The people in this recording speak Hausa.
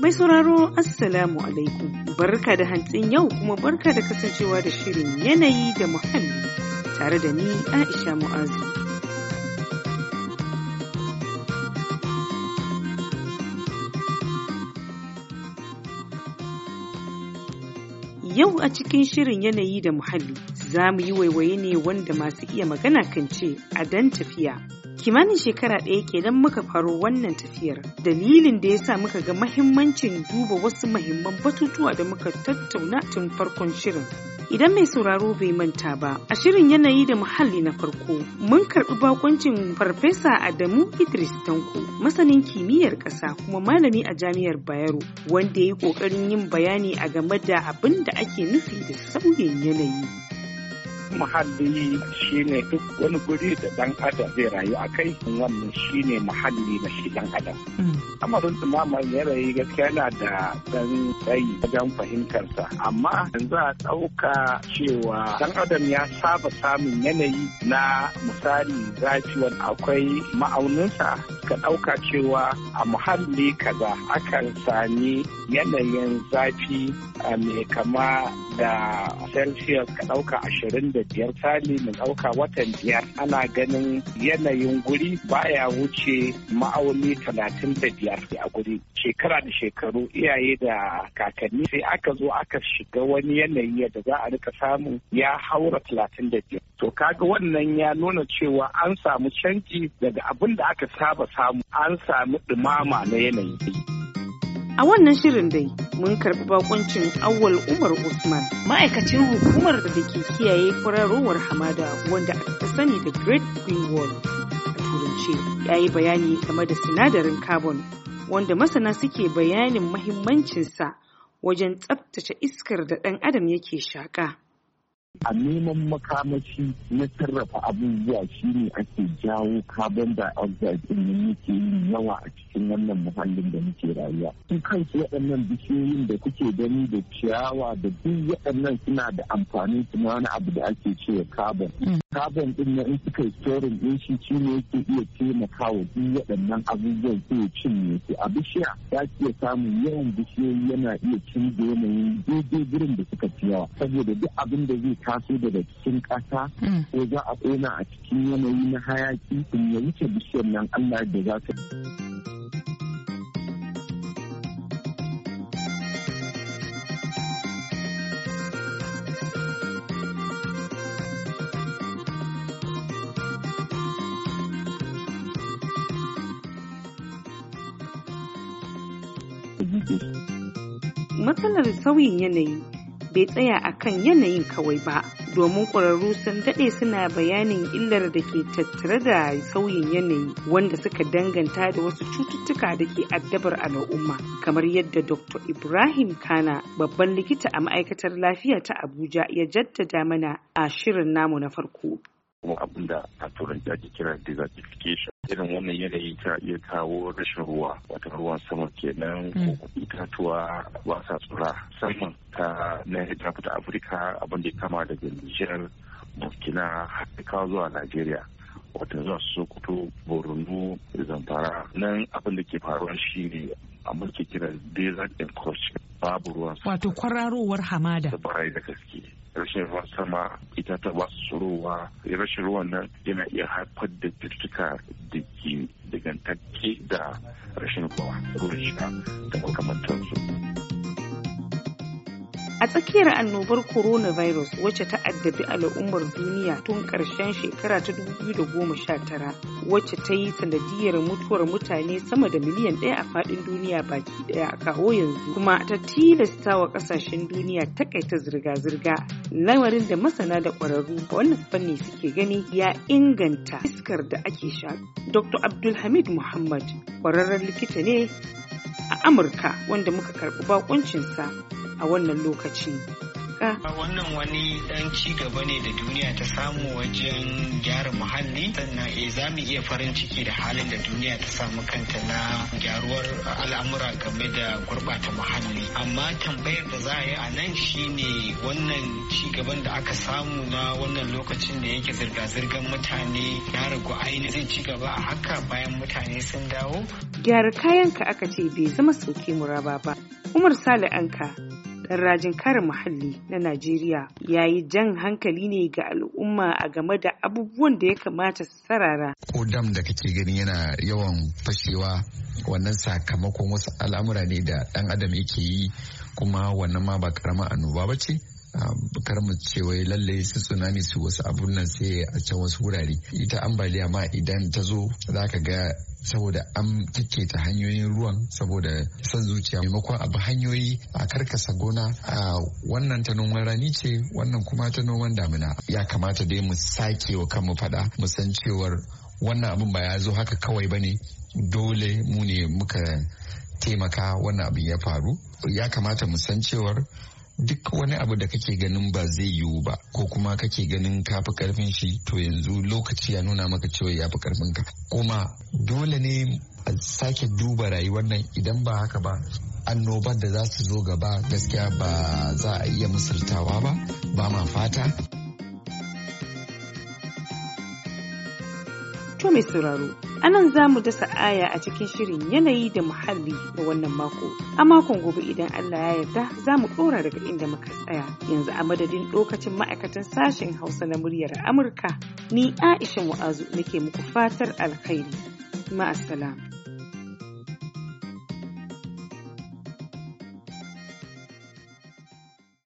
Mai sauraro Assalamu alaikum barka da hantsin yau kuma barka da kasancewa da shirin yanayi da muhalli tare da ni Aisha Mu'azu. Yau a cikin shirin yanayi da muhalli za mu yi waiwaye ne wanda masu iya magana kan ce a dan tafiya kimanin shekara ɗaya kenan muka faro wannan tafiyar dalilin da ya sa muka ga mahimmancin duba wasu mahimman batutuwa da muka tattauna tun farkon shirin idan mai sauraro bai manta ba a shirin yanayi da muhalli na farko mun karɓi bakoncin farfesa adamu idris tanko masanin kimiyyar ƙasa kuma malami a jami'ar bayero wanda ya yi ƙoƙarin yin bayani a game da abin da ake nufi da sauyin yanayi muhalli shine duk wani guri da dan adam zai rayu a kai wannan ne muhalli na shi dan adam mm. amarin dumamar yanayi gaskiya yana da dan tsayi wajen fahimtarsa amma yanzu a ɗauka cewa dan adam ya saba samun yanayi na misali zafi wani akwai ma'auninsa ka ɗauka cewa a muhalli kaza akan sami yanayin zafi eh, mai kama da celsius ka ɗauka ashirin da da biyar sali mu ɗauka watan biyar ana ganin yanayin guri baya wuce ma'auni talatin da biyar a guri shekara da shekaru iyaye da kakanni sai aka zo aka shiga wani yanayi da za a rika samu ya haura talatin da biyar to kaga wannan ya nuna cewa an samu canji daga abin da aka saba samu an samu ɗumama na yanayi A wannan shirin dai mun karɓi bakuncin awwal Umar Usman ma'aikacin hukumar da ke kiyaye kwararowar hamada wanda aka sani da Great Green Wall a turance ya yi bayani game da sinadarin carbon wanda masana suke bayanin mahimmancinsa wajen tsabtace iskar da ɗan adam yake shaƙa. a neman makamashi na sarrafa abubuwa shine ake jawo carbon dioxide in da yake yin yawa a cikin wannan muhallin da muke rayuwa su kansu waɗannan bishiyoyin da kuke gani da ciyawa da duk waɗannan suna da amfani kuma wani abu da ake cewa carbon carbon din na in suka yi storing din shi shi ne yake iya taimaka wa duk waɗannan abubuwan sai cinye su a bishiya ya iya samun yawan bishiyoyi yana iya canza yanayin daidai gurin da suka fi yawa saboda duk abin da zai taso daga cikin ƙasa hmm. ko za a ƙona a cikin yanayi na hayaki sun ya wuce bishiyar nan Allah da za ta. Matsalar sauyin yanayi bai tsaya a kan yanayin kawai ba, domin ƙwararru sun daɗe suna bayanin illar da ke tattare da sauyin yanayi wanda suka danganta da wasu cututtuka da ke addabar al'umma, kamar yadda Dr. Ibrahim Kana, babban likita a ma'aikatar lafiya ta Abuja ya jaddada mana a shirin namu na farko. kuma abin da a turanci ake kira desertification irin wannan yanayi ta iya kawo rashin ruwa wata ruwan sama kenan ko mm. itatuwa ba sa tsura saman ta na ta afirka abin da kama daga niger burkina har kawo zuwa najeriya wata zuwa sokoto borno zamfara nan abin da ke faruwa shi ne a mulki kira desert encroachment babu ruwan wato kwararowar hamada da gaske rashin ruwa sama ita ta ba su rashin ruwan nan yana iya haifar da cututtuka da ke dagantakke da rashin ruwa ruwan da makamantarsu A tsakiyar annobar coronavirus wacce ta addabi al'ummar duniya tun ƙarshen shekara ta 2019 wacce ta yi sanadiyar mutuwar mutane sama da miliyan ɗaya a faɗin duniya baki ɗaya a kawo yanzu kuma ta tilasta wa ƙasashen duniya takaita zirga-zirga lamarin da masana da ƙwararru a wannan fanni suke gani ya inganta iskar da ake sha. Dr. Abdulhamid Muhammad ƙwararren likita ne a Amurka wanda muka karɓi bakuncinsa. a wannan lokaci. Wannan wani ɗan ci gaba ne da duniya ta samu wajen gyara muhalli sannan eh, za mu iya farin ciki da halin da duniya ta samu kanta na gyaruwar al'amura game da gurɓata muhalli. Amma tambayar da za a yi a nan shine wannan cigaban da aka samu na wannan lokacin da yake zirga-zirgar mutane ya ragu ainihin ci gaba a haka bayan mutane sun dawo. Gyara kayanka aka ce bai zama soke muraba ba. Umar Sale Anka ɗan rajin kare muhalli na Najeriya ya yi jan hankali ne ga al'umma a game da abubuwan da ya kamata su sarara. Ko dam da kake gani yana yawan fashewa wannan sakamakon wasu al'amura ne da ɗan adam yake yi kuma wannan ma ba karama annoba ba ce. kar mu ce wai lalle su tsunami su wasu abun nan sai a can wasu wurare ita ambaliya ma idan ta zo za ka ga saboda an ta hanyoyin ruwan saboda son zuciya maimakon abu hanyoyi a karkasa gona a wannan ta noman rani ce wannan kuma ta noman damina ya kamata dai mu sake wa kanmu fada mu san cewar wannan abin ba ya zo haka kawai ba ne dole mu ne muka taimaka wannan abin ya faru ya kamata mu san cewar duk wani abu da kake ganin ba zai yiwu ba ko kuma kake ganin kafi karfin shi to yanzu lokaci ya nuna maka cewa ya fi karfin ka kuma dole ne a sake duba rayuwar nan idan ba haka ba annobar da za su zo gaba gaskiya ba za a iya misaltawa ba ba ma fata to mai sauraro anan za mu dasa aya a cikin shirin yanayi da muhalli na wannan mako a makon gobe idan allah ya yarda za mu ɗora daga inda muka tsaya yanzu a madadin lokacin ma'aikatan sashen hausa na muryar amurka ni aisha wa'azu nake muku fatar alkhairi ma'assalam